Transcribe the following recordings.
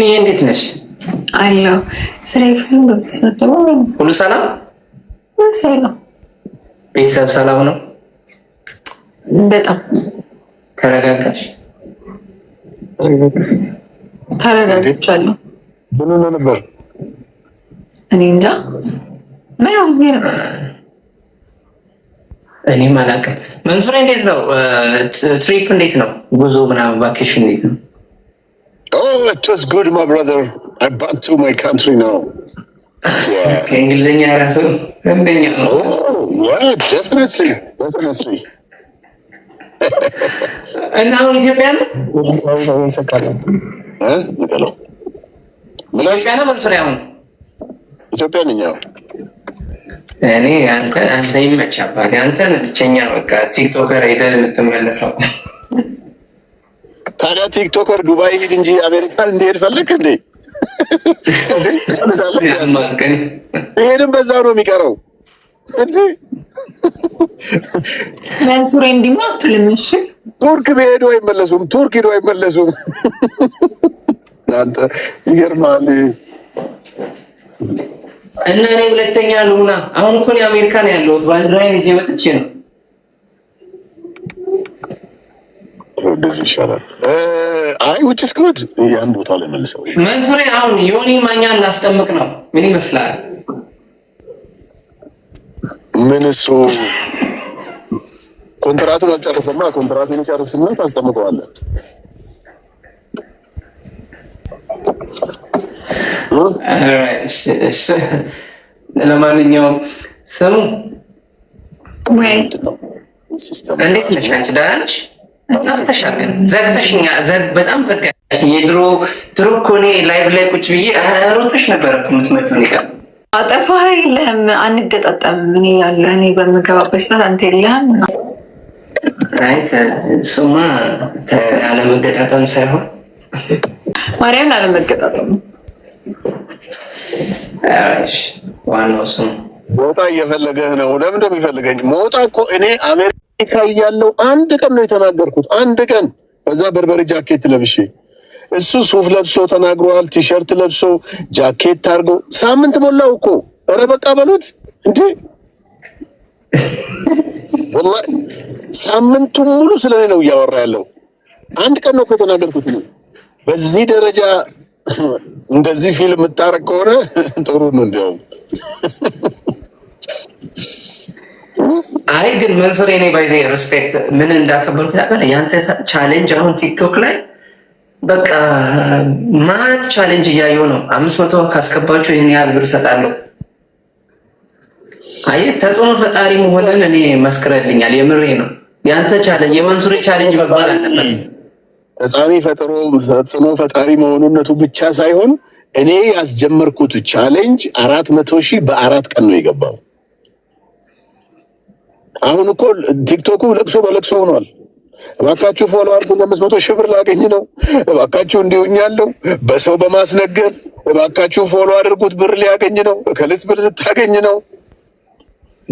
ይሄ እንዴት ነሽ? አለሁ። ስሬፍን በተሰጠው ሁሉ ሰላም ሰላም፣ ቤተሰብ ሰላም ነው። በጣም ተረጋጋሽ? ተረጋግቻለሁ። ምን ሆነ ነበር? እኔ እንጃ። ምን ሆነ ነበር? እኔም አላውቅም። መንሱሬ፣ እንዴት ነው ትሪፕ? እንዴት ነው ጉዞ ምናምን? ቫኬሽን እንዴት ነው? ከእንግሊዝኛ ራሱ እንደኛ ነው። oh, እና አሁን ኢትዮጵያ ነው ኢትዮጵያ ነው መንሱሪ አሁን ኢትዮጵያ ነኝ። እኔ አንተ አንተ ይመቻባት አንተን ብቸኛ በቃ ቲክቶከር ሄደህ የምትመለሰው ታዲያ ቲክቶከር ዱባይ ሂድ እንጂ አሜሪካን እንዲሄድ ፈለግ እንዴ? ይሄንም በዛ ነው የሚቀረው። መንሱሬ እንዲማ ትልምሽ ቱርክ ብሄዱ አይመለሱም። ቱርክ ሄዱ አይመለሱም። አንተ ይገርማል። እና እኔ ሁለተኛ ልሁና። አሁን እኮ እኔ አሜሪካን ያለሁት ባንዲራዬን ይዤ መጥቼ ነው እንደዚህ ይሻላል። አይ ውጭ እስክወድ የአንድ ቦታ ላይ መልሰው መንሱሬ፣ አሁን ዮኒ ማኛ እናስጠምቅ ነው። ምን ይመስላል? ምን እሱ ኮንትራቱን አልጨረሰማ። ኮንትራቱን ይጨርስና ታስጠምቀዋለን። ለማንኛውም ስሙ እንዴት ነሽ? አንቺ ደህና ነሽ? ጠፍተሻል ግን ዘግተሽኛ፣ በጣም ዘጋሽኝ። የድሮ ድሮ እኮ እኔ ላይ ቁጭ ብዬ ነበር እኮ የምትመጪው። እኔ ጋር የለህም፣ እኔ በምገባበት ሰዓት አንተ የለህም። እሱማ አለመገጣጠም ሳይሆን ማርያምን አለመገጣጠም። ዋናው ሞጣ እየፈለገህ ነው። ለምን የሚፈልገኝ? ሞጣ እኮ እኔ አሜሪካ አሜሪካ እያለው አንድ ቀን ነው የተናገርኩት። አንድ ቀን በዛ በርበሬ ጃኬት ለብሼ እሱ ሱፍ ለብሶ ተናግሯል። ቲሸርት ለብሶ ጃኬት አድርጎ ሳምንት ሞላው እኮ። እረ በቃ በሉት እንዴ! ወላሂ ሳምንቱን ሙሉ ስለኔ ነው እያወራ ያለው። አንድ ቀን ነው ከተናገርኩት። በዚህ ደረጃ እንደዚህ ፊልም የምታረግ ከሆነ ጥሩ ነው እንዲያውም አይ ግን መንሱር የኔ ባይዘ ሪስፔክት ምን እንዳከበርኩ ታውቃለህ? ያንተ ቻሌንጅ አሁን ቲክቶክ ላይ በቃ ማለት ቻሌንጅ እያየው ነው። አምስት መቶ ካስገባችሁ ይህን ያህል ብር እሰጣለሁ። አይ ተጽዕኖ ፈጣሪ መሆንን እኔ መስክረልኛል። የምሬ ነው። ያንተ ቻሌንጅ የመንሱር ቻሌንጅ መባል አለበት። ተጻሚ ፈጥሮ ተጽዕኖ ፈጣሪ መሆኑነቱ ብቻ ሳይሆን እኔ ያስጀመርኩት ቻሌንጅ አራት መቶ ሺህ በአራት ቀን ነው የገባው አሁን እኮ ቲክቶኩ ለቅሶ በለቅሶ ሆኗል። እባካችሁ ፎሎ አድርጉ፣ ለአምስት መቶ ሺህ ብር ላገኝ ነው፣ እባካችሁ ያለው በሰው በማስነገር እባካችሁ ፎሎ አድርጉት፣ ብር ሊያገኝ ነው፣ ከልት ብር ልታገኝ ነው።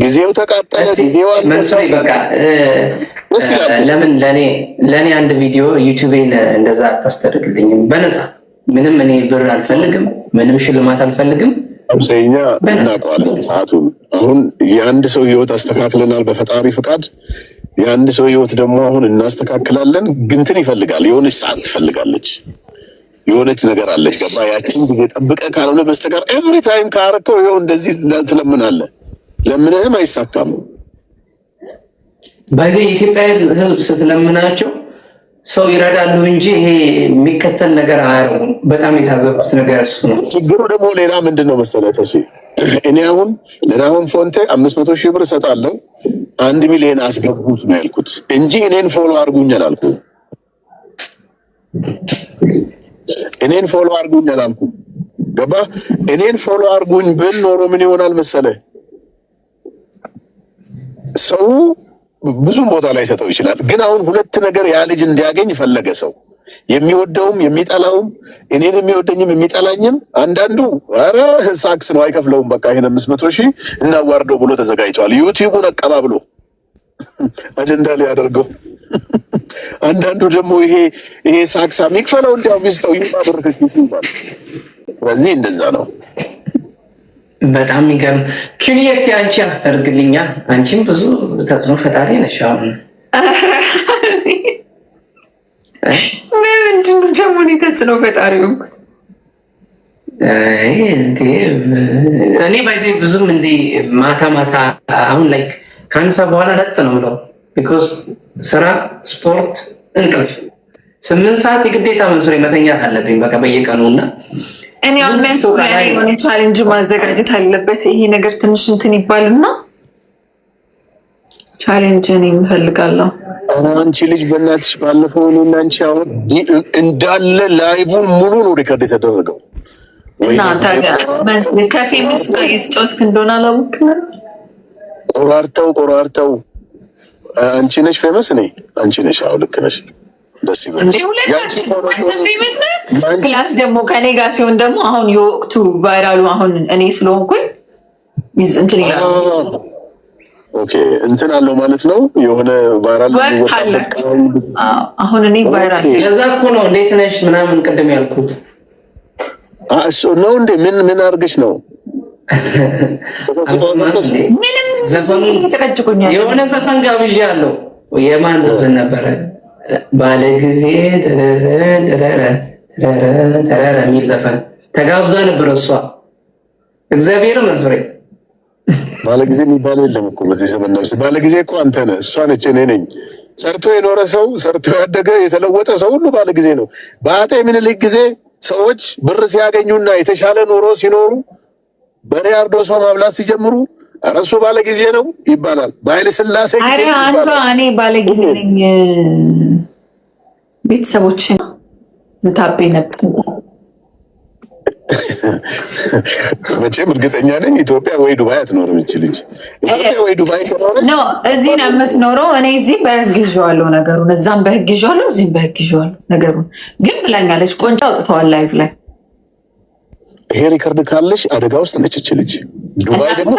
ጊዜው ተቃጠለ። ጊዜው መንሱሪ በቃ ለምን ለኔ ለኔ አንድ ቪዲዮ ዩቲዩቤን እንደዛ አታስተርግልኝም? በነፃ ምንም እኔ ብር አልፈልግም፣ ምንም ሽልማት አልፈልግም። አብዛኛ እናውቀዋለን ሰዓቱን። አሁን የአንድ ሰው ህይወት አስተካክለናል በፈጣሪ ፍቃድ። የአንድ ሰው ህይወት ደግሞ አሁን እናስተካክላለን፣ ግንትን ይፈልጋል። የሆነች ሰዓት ትፈልጋለች፣ የሆነች ነገር አለች። ገባ? ያችን ጊዜ ጠብቀ ካልሆነ በስተቀር ኤቭሪ ታይም ካረከው ይኸው እንደዚህ ትለምናለ። ለምንህም አይሳካም። በዚህ የኢትዮጵያ ህዝብ ስትለምናቸው ሰው ይረዳሉ እንጂ ይሄ የሚከተል ነገር አያረጉም። በጣም የታዘብኩት ነገር እሱ ነው። ችግሩ ደግሞ ሌላ ምንድን ነው መሰለህ ተሲ እኔ አሁን ለናሆም ፎንቴ አምስት መቶ ሺህ ብር እሰጣለሁ አንድ ሚሊዮን አስገቡት ነው ያልኩት እንጂ እኔን ፎሎ አድርጉኝ አላልኩም። እኔን ፎሎ አድርጉኝ አላልኩም። ገባ? እኔን ፎሎ አድርጉኝ ብን ኖሮ ምን ይሆናል መሰለህ ሰው ብዙ ቦታ ላይ ሰጠው ይችላል። ግን አሁን ሁለት ነገር ያ ልጅ እንዲያገኝ ፈለገ ሰው የሚወደውም የሚጠላውም እኔን የሚወደኝም የሚጠላኝም። አንዳንዱ ኧረ ሳክስ ነው አይከፍለውም፣ በቃ ይሄን አምስት መቶ ሺህ እናዋርደው ብሎ ተዘጋጅቷል። ዩቲዩቡን አቀባብሎ አጀንዳ ላይ አደርገው አንዳንዱ ደግሞ ይሄ ይሄ ሳክስ የሚክፈለው እንዲያውም ይስጠው ይባል። ስለዚህ እንደዛ ነው። በጣም የሚገርም ኪዩኒየስ አንቺ አስተርግልኛ አንቺም ብዙ ተጽዕኖ ፈጣሪ ነሽ። አሁን ምንድን ነው ደግሞ እኔ ተጽዕኖ ፈጣሪ ሆንኩት? እኔ ባይዘ ብዙም እንዲህ ማታ ማታ አሁን ላይ ከአንሳ በኋላ ለጥ ነው ብለው ቢኮዝ ስራ፣ ስፖርት፣ እንቅልፍ ስምንት ሰዓት የግዴታ መንሱር መተኛት አለብኝ በቃ በየቀኑ እና እኔ አመንቱ ቻሌንጅ ማዘጋጀት አለበት። ይሄ ነገር ትንሽ እንትን ይባልና ቻሌንጅ እኔ እፈልጋለሁ። አንቺ ልጅ በእናትሽ ባለፈው እኔ እና አንቺ አሁን እንዳለ ላይቡን ሙሉ ነው ሪከርድ የተደረገው እንደሆነ አላወቅም። ቆራርጠው ቆራርጠው አንቺ ነሽ ፌመስ፣ እኔ አንቺ ነሽ። አዎ ልክ ነሽ። ደስ ይበልሽ። ፕላስ ደግሞ ከኔ ጋር ሲሆን ደግሞ አሁን የወቅቱ ቫይራሉ አሁን እኔ ስለሆንኩኝ እንትን እንትን አለው ማለት ነው። የሆነ ቫይራል አሁን እኔ ቫይራል ለዛ እኮ ነው እንዴት ነሽ ምናምን ቅድም ያልኩት እሱ ነው። እንዴ ምን ምን አድርገሽ ነው? ምንም ጨቀጭቁኛል። የሆነ ዘፈን ጋብዣ አለው። የማን ዘፈን ነበረ? ባለ ጊዜ ተረረ የሚል ዘፈን ተጋብዛ ነበር። እሷ እግዚአብሔር መስሎኝ ባለ ጊዜ የሚባለው የለም እኮ በዚህ ዘመን። ነፍሴ ባለ ጊዜ እኮ አንተ ነህ፣ እሷ ነች፣ እኔ ነኝ። ሰርቶ የኖረ ሰው ሰርቶ ያደገ የተለወጠ ሰው ሁሉ ባለ ጊዜ ነው። በአጤ ምኒልክ ጊዜ ሰዎች ብር ሲያገኙና የተሻለ ኑሮ ሲኖሩ በሪያርዶሶ ማብላት ሲጀምሩ ኧረ እሱ ባለጊዜ ነው ይባላል። በኃይለ ሥላሴ ጊዜ እኔ ባለጊዜ ነኝ። ቤተሰቦችን ዝታቤ ነበር። መቼም እርግጠኛ ነኝ ኢትዮጵያ ወይ ዱባይ አትኖርም። ይች ልጅ ኢትዮጵያ ወይ ዱባይ እዚህ ነው የምትኖረው። እኔ እዚህ በህግ ይዤዋለሁ ነገሩን፣ እዛም በህግ ይዤዋለሁ፣ እዚህም በህግ ይዤዋለሁ ነገሩን። ግን ብላኛለች፣ ቆንጫ አውጥተዋል ላይቭ ላይ ይሄ ሪከርድ ካለሽ አደጋ ውስጥ ነች እች ልጅ። ዱባይ ደግሞ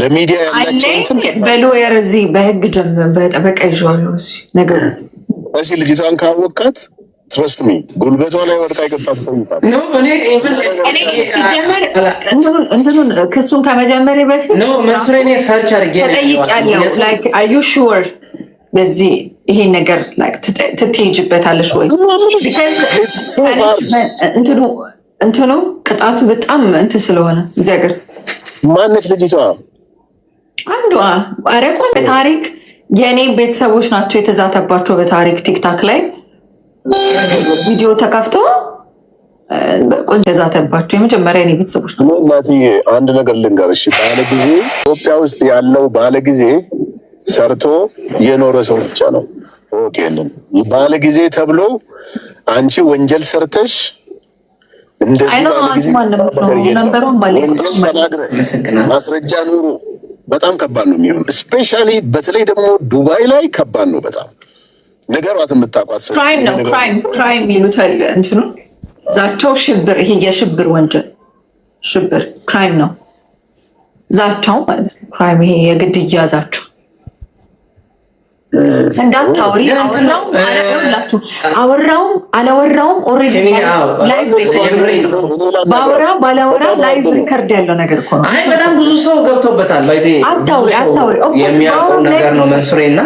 ለሚዲያ ያላቸው በሎየር እዚህ በህግ ጀምረን በጠበቃ ይዤዋለሁ ነገር እዚህ ልጅቷን ካወቃት ትረስት ሚ ጉልበቷ ላይ ወድቃ ይገባት ሲጀመር እንትኑን ክሱን ከመጀመሪያ በፊት ተጠይቅ ያለው ላይክ አር ሹር በዚህ ይሄን ነገር ትትይጅበታለሽ ወይ? እንትኑ ቅጣቱ በጣም እንትን ስለሆነ እዚህ ሀገር ማነች ልጅቷ? አንዷ አረቋ በታሪክ የእኔ ቤተሰቦች ናቸው የተዛተባቸው በታሪክ ቲክታክ ላይ ቪዲዮ ተከፍቶ ቆንጆ የዛተባቸው የመጀመሪያ የእኔ ቤተሰቦች ናቸው። እናትዬ አንድ ነገር ልንገርሽ፣ ባለ ጊዜ ኢትዮጵያ ውስጥ ያለው ባለ ጊዜ ሰርቶ የኖረ ሰው ብቻ ነው ባለ ጊዜ ተብሎ። አንቺ ወንጀል ሰርተሽ እንደዚህ ማስረጃ ኑሩ በጣም ከባድ ነው የሚሆን። ስፔሻሊ በተለይ ደግሞ ዱባይ ላይ ከባድ ነው በጣም ነገሯት የምታቋት ሰው ክራይም ነው ክራይም ክራይም ይሉታል እንትኑ ዛቻው ሽብር፣ ይሄ የሽብር ወንጀል ሽብር ክራይም ነው ዛቻው ማለት ነው። ክራይም ይሄ የግድያ ዛቻው እንዳታወሪ አወራው አላወራችሁ አወራውም አላወራውም ኦሬዲ ላይቭ ባወራ ባላወራ ላይቭ ሪከርድ ያለው ነገር እኮ ነው። አይ በጣም ብዙ ሰው ገብቶበታል። ባይዜ አታውሪ አታውሪ የሚያውቀው ነገር ነው መንሱሬና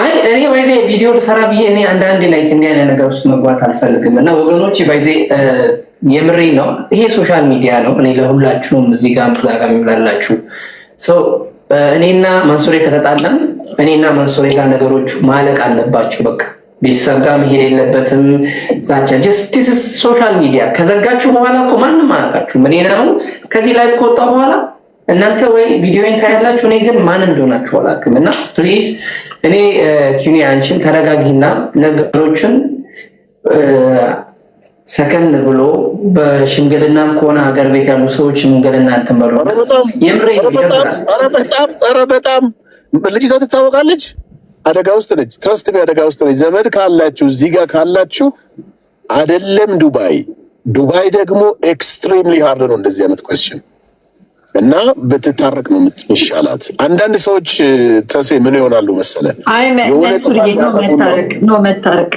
አይ እኔ ባይዜ ቪዲዮ ልሰራ ብዬ እኔ አንዳንዴ ላይ እንዲህ አይነት ነገር ውስጥ መግባት አልፈልግም እና ወገኖች ባይዜ የምሬ ነው። ይሄ ሶሻል ሚዲያ ነው። እኔ ለሁላችሁም እዚህ ጋር ዛጋ የሚላላችሁ እኔና መንሱሬ ከተጣላን እኔና መንሱሬ ጋር ነገሮቹ ማለቅ አለባቸው። በቃ ቤተሰብ ጋር መሄድ የለበትም። ዛቻ ጀስቲስ ሶሻል ሚዲያ ከዘጋችሁ በኋላ እኮ ማንም አያውቃችሁም። እኔ ነው ከዚህ ላይ ከወጣ በኋላ እናንተ ወይ ቪዲዮን ታያላችሁ፣ እኔ ግን ማን እንደሆናችሁ አላውቅም። እና ፕሊዝ እኔ ኪኒ አንቺን ተረጋጊና ነገሮችን ሰከን ብሎ በሽምግልና ከሆነ ሀገር ቤት ያሉ ሰዎች ሽምግልና እንትን በሉ። በጣም ልጅቷ ትታወቃለች። አደጋ ውስጥ ነች። ትረስት አደጋ ውስጥ ነች። ዘመድ ካላችሁ እዚህ ጋር ካላችሁ አይደለም ዱባይ ዱባይ ደግሞ ኤክስትሪምሊ ሀርድ ነው እንደዚህ አይነት ኮስችን እና ብትታረቅ ነው የምትሻላት። አንዳንድ ሰዎች ተሴ ምን ይሆናሉ መሰለ አይ ነው መታረቅ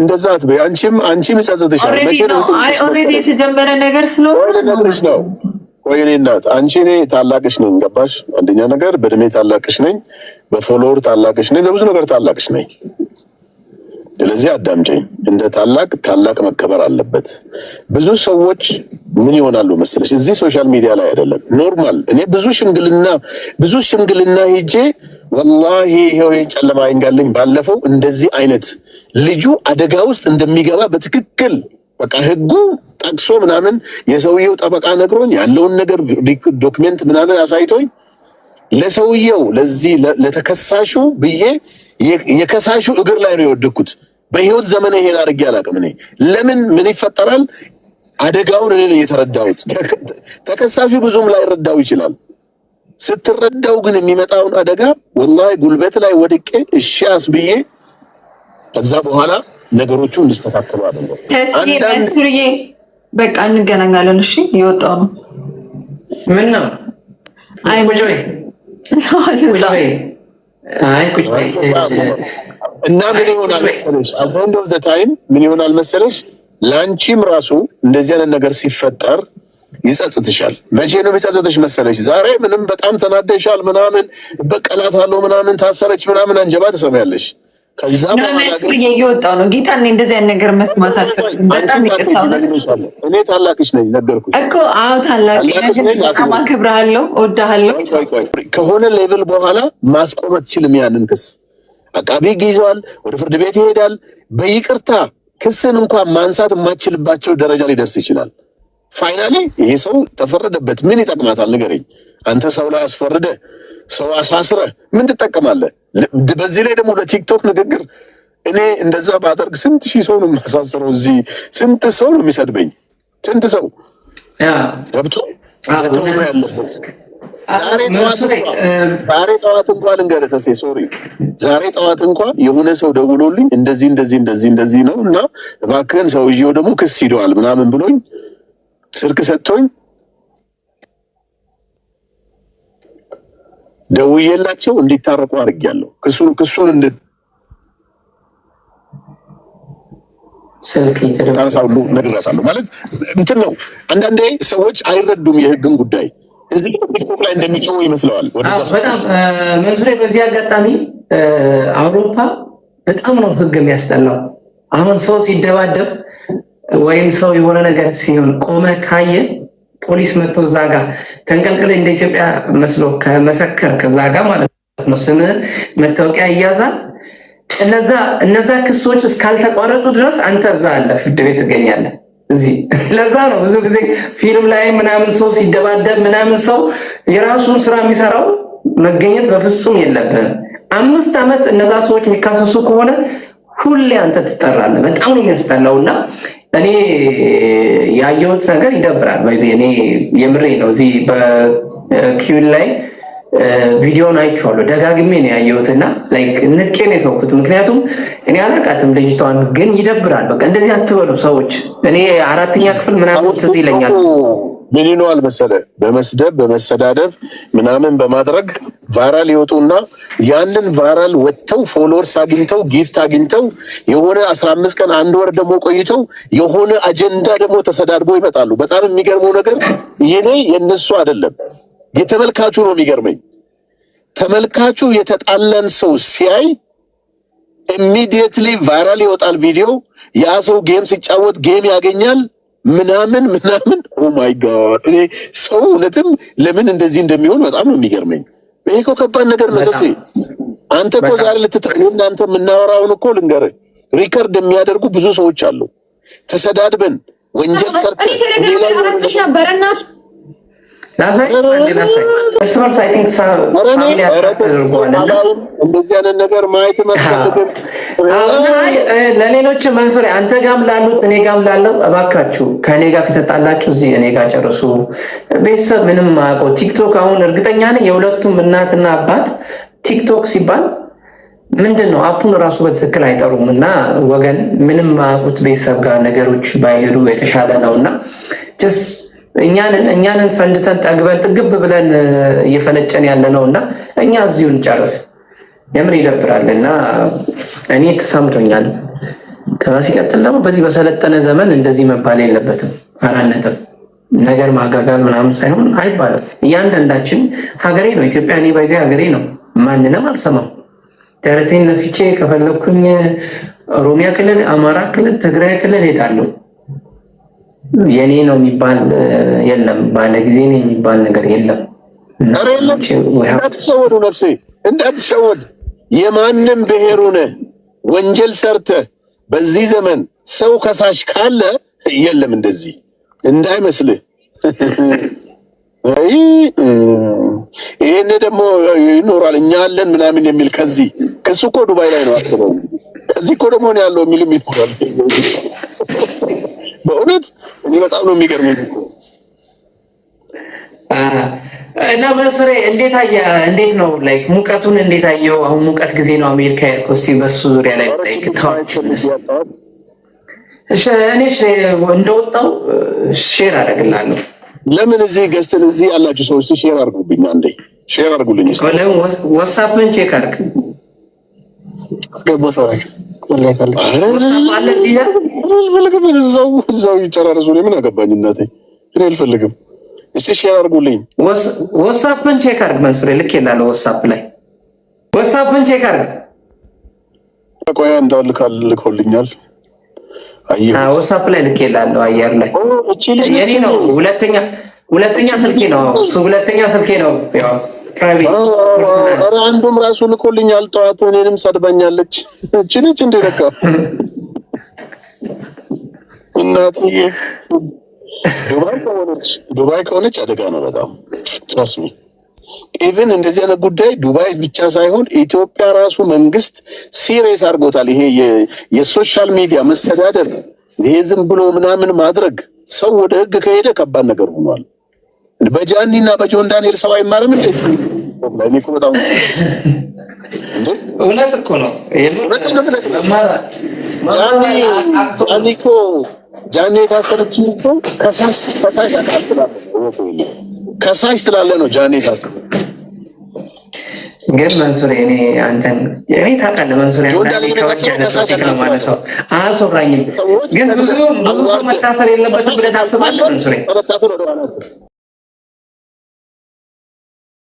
እንደዛ አትበይ። አንቺም አንቺም ይጸጽትሻል። መቼ ነው የተጀመረ ነገር ስለሆነ ነግርሽ ነው። ቆይ እኔ እናት አንቺ እኔ ታላቅሽ ነኝ፣ ገባሽ? አንደኛ ነገር በእድሜ ታላቅሽ ነኝ፣ በፎሎወር ታላቅሽ ነኝ፣ ለብዙ ነገር ታላቅሽ ነኝ። ስለዚህ አዳምጪኝ። እንደ ታላቅ ታላቅ መከበር አለበት። ብዙ ሰዎች ምን ይሆናሉ መሰለሽ፣ እዚህ ሶሻል ሚዲያ ላይ አይደለም ኖርማል። እኔ ብዙ ሽምግልና ብዙ ሽምግልና ሄጄ ወላሂ ይሄው ጨለማ አይንጋለኝ። ባለፈው እንደዚህ አይነት ልጁ አደጋ ውስጥ እንደሚገባ በትክክል በቃ ህጉ ጠቅሶ ምናምን የሰውየው ጠበቃ ነግሮኝ ያለውን ነገር ዶክሜንት ምናምን አሳይቶኝ ለሰውየው ለዚህ ለተከሳሹ ብዬ የከሳሹ እግር ላይ ነው የወደኩት። በህይወት ዘመን ይሄን አድርጌ አላውቅም። እኔ ለምን ምን ይፈጠራል አደጋውን እኔ የተረዳሁት፣ ተከሳሹ ብዙም ላይረዳው ይችላል። ስትረዳው ግን የሚመጣውን አደጋ ወላሂ ጉልበት ላይ ወድቄ እሺ አስብዬ ከዛ በኋላ ነገሮቹ እንዲስተካከሉ አደረገው። በቃ እንገናኛለን። እሺ የወጣው ነው ምን ነው? አይ እና ምን ይሆናል መሰለሽ፣ አንድ ኦፍ ዘ ታይም ምን ይሆናል መሰለሽ፣ ለአንቺም ራሱ እንደዚህ አይነት ነገር ሲፈጠር ይጸጽትሻል። መቼ ነው የሚጸጽትሽ መሰለሽ? ዛሬ ምንም በጣም ተናደሻል፣ ምናምን በቀላት አለው ምናምን ታሰረች ምናምን አንጀባ ትሰሚያለሽ። ከዛ ነው ጌታ። እኔ እንደዚህ አይነት ነገር መስማት አልፈልግም። በጣም ይቅርታ። እኔ ታላቅሽ ነኝ ነገርኩሽ እኮ። አዎ ታላቅ በጣም አከብርሃለሁ፣ እወድሃለሁ። ከሆነ ሌቭል በኋላ ማስቆም አትችልም። ያንን ክስ አቃቢ ሕግ ይዘዋል፣ ወደ ፍርድ ቤት ይሄዳል። በይቅርታ ክስን እንኳን ማንሳት የማችልባቸው ደረጃ ሊደርስ ይችላል። ፋይናሊ ይሄ ሰው ተፈረደበት፣ ምን ይጠቅማታል ንገረኝ። አንተ ሰው ላይ አስፈርደ ሰው አሳስረ ምን ትጠቀማለህ? በዚህ ላይ ደግሞ ለቲክቶክ ንግግር እኔ እንደዛ ባደርግ ስንት ሺህ ሰው ነው የማሳስረው? እዚህ ስንት ሰው ነው የሚሰድበኝ? ስንት ሰው ገብቶ ተው ያለበት ዛሬ ጠዋት እንኳ ልንገርህ ተሴ ሶሪ፣ ዛሬ ጠዋት እንኳን የሆነ ሰው ደውሎልኝ እንደዚህ እንደዚህ እንደዚህ እንደዚህ ነው እና እባክህን ሰውዬው ደግሞ ክስ ሂደዋል ምናምን ብሎኝ ስልክ ሰጥቶኝ ደውዬላቸው እንዲታረቁ አድርጌያለሁ። ክሱን ክሱን እንድ ታነሳ ማለት እንትን ነው። አንዳንዴ ሰዎች አይረዱም የህግን ጉዳይ እዚህ ላይ እንደሚጮው ይመስለዋል። በጣም በዚህ አጋጣሚ አውሮፓ በጣም ነው ህግ የሚያስጠነው አሁን ሰው ሲደባደብ ወይም ሰው የሆነ ነገር ሲሆን ቆመ ካየ ፖሊስ መጥቶ እዛ ጋ ተንቀልቅለ እንደ ኢትዮጵያ መስሎ ከመሰከር ከዛ ጋ ማለት ነው ስም መታወቂያ እያዛል። እነዛ ክሶች እስካልተቋረጡ ድረስ አንተ እዛ አለ ፍርድ ቤት ትገኛለህ። እዚህ ለዛ ነው ብዙ ጊዜ ፊልም ላይ ምናምን ሰው ሲደባደብ ምናምን ሰው የራሱን ስራ የሚሰራው መገኘት በፍጹም የለብህም። አምስት ዓመት እነዛ ሰዎች የሚካሰሱ ከሆነ ሁሌ አንተ ትጠራለህ። በጣም ነው የሚያስጠላው። እና እኔ ያየሁት ነገር ይደብራል። በዚ እኔ የምሬ ነው። እዚህ በኪዩን ላይ ቪዲዮን አይቼዋለሁ ደጋግሜ ነው ያየሁት እና ንቄ ነው የተውኩት። ምክንያቱም እኔ አላቃትም ልጅቷን፣ ግን ይደብራል። በቃ እንደዚህ አትበሉ ሰዎች። እኔ አራተኛ ክፍል ምናምን ትዝ ይለኛል ምን ይለዋል መሰለ በመስደብ በመሰዳደብ ምናምን በማድረግ ቫይራል ይወጡና ያንን ቫይራል ወጥተው ፎሎወርስ አግኝተው ጊፍት አግኝተው የሆነ አስራ አምስት ቀን አንድ ወር ደግሞ ቆይተው የሆነ አጀንዳ ደግሞ ተሰዳድቦ ይመጣሉ። በጣም የሚገርመው ነገር ይኔ የነሱ አይደለም የተመልካቹ ነው የሚገርመኝ። ተመልካቹ የተጣላን ሰው ሲያይ ኢሚዲየትሊ ቫይራል ይወጣል ቪዲዮ። ያ ሰው ጌም ሲጫወት ጌም ያገኛል ምናምን ምናምን። ኦማይ ጋድ እኔ ሰው እውነትም ለምን እንደዚህ እንደሚሆን በጣም ነው የሚገርመኝ። ይሄ እኮ ከባድ ነገር ነው። ተሴ አንተ እኮ ዛሬ ልትታ እናንተ የምናወራውን እኮ ልንገር፣ ሪከርድ የሚያደርጉ ብዙ ሰዎች አሉ። ተሰዳድበን ወንጀል ሰርተን ነበረ ለሌሎች መንሱሪ አንተ ጋም ላሉት እኔ ጋም ላለው እባካችሁ ከእኔ ጋር ከተጣላችሁ እዚህ እኔ ጋር ጨርሱ። ቤተሰብ ምንም ማቆ ቲክቶክ አሁን እርግጠኛ ነኝ የሁለቱም እናትና አባት ቲክቶክ ሲባል ምንድን ነው አፑን እራሱ በትክክል አይጠሩም። እና ወገን ምንም ማቁት ቤተሰብ ጋር ነገሮች ባይሄዱ የተሻለ ነው እና እኛንን ፈንድተን ጠግበን ጥግብ ብለን እየፈነጨን ያለ ነው እና እኛ እዚሁ እንጨርስ። የምር ይደብራል እና እኔ ተሰምቶኛል። ከዛ ሲቀጥል ደግሞ በዚህ በሰለጠነ ዘመን እንደዚህ መባል የለበትም። አራት ነገር ማጋጋል ምናምን ሳይሆን አይባልም። እያንዳንዳችን ሀገሬ ነው ኢትዮጵያ፣ እኔ ባይዜ ሀገሬ ነው። ማንንም አልሰማም። ደረቴን ነፍቼ ከፈለኩኝ ኦሮሚያ ክልል፣ አማራ ክልል፣ ትግራይ ክልል ሄዳለሁ። የኔ ነው የሚባል የለም። ባለ ጊዜ ነው የሚባል ነገር የለም። ኧረ የለም። እንዳትሸወዱ ነፍሴ እንዳትሸወድ። የማንም ብሔር ሆነ ወንጀል ሰርተ በዚህ ዘመን ሰው ከሳሽ ካለ የለም እንደዚህ እንዳይመስልህ። ይህን ደግሞ ይኖራል እኛ አለን ምናምን የሚል ከዚህ ከሱ እኮ ዱባይ ላይ ነው አስበው። ከዚህ እኮ ደግሞ ያለው የሚልም ይኖራል በእውነት እኔ በጣም ነው የሚገርመኝ። እና በስሬ እንዴት አየ እንዴት ነው ላይክ ሙቀቱን እንዴት አየው? አሁን ሙቀት ጊዜ ነው አሜሪካ ያልከው፣ እስኪ በሱ ዙሪያ ላይ ላይክ እኔ እንደወጣው ሼር አደርግላለሁ። ለምን እዚህ ገዝትን እዚህ ያላችሁ ሰዎች ሼር አድርጉብኝ፣ አንዴ ሼር አድርጉልኝ። ለምን ወሳፕን ቼክ አድርግ አስገቦ ሰው ናቸው አልፈልግም። እዛው ይጨራርሱ። እኔ ምን አገባኝ እናቴ፣ እኔ አልፈልግም። እስቲ ሼር አድርጉልኝ። ወሳፕን ቼክ አድርግ መንሱሬ፣ ልክ የላለሁ ወሳፕ ላይ ወሳፕን ቼክ አድርግ። ቆያ እንዳል ልኮልኛል። ወሳፕ ላይ ልክ የላለሁ አየር ላይ የእኔ ነው። ሁለተኛ ስልኬ ነው፣ ሁለተኛ ስልኬ ነው። አንዱም ራሱ ልኮልኛል ጠዋት እኔንም ሰድበኛለች። እቺ ልጅ እንደ ለካ እናትዬ ዱባይ ከሆነች ዱባይ ከሆነች አደጋ ነው በጣም ስሚ። ኢቨን እንደዚህ አይነት ጉዳይ ዱባይ ብቻ ሳይሆን ኢትዮጵያ ራሱ መንግስት ሲሪየስ አድርጎታል። ይሄ የሶሻል ሚዲያ መስተዳደር ይሄ ዝም ብሎ ምናምን ማድረግ ሰው ወደ ህግ ከሄደ ከባድ ነገር ሆኗል። በጃኒ እና በጆን ዳንኤል ሰው አይማርም። እንዴት በጣም እውነት እኮ ነው። ጃኒ እኮ ጃኒ የታሰረች እኮ ከሳሽ ከሳሽ ስላለ ነው ጃኒ የታሰረ። ግን መንሱሬ እኔ አንተን እኔ ታውቃለህ መንሱሬ አያስወራኝም። ግን ብዙ መታሰር የለበትም ብለህ ታስባለህ መንሱሬ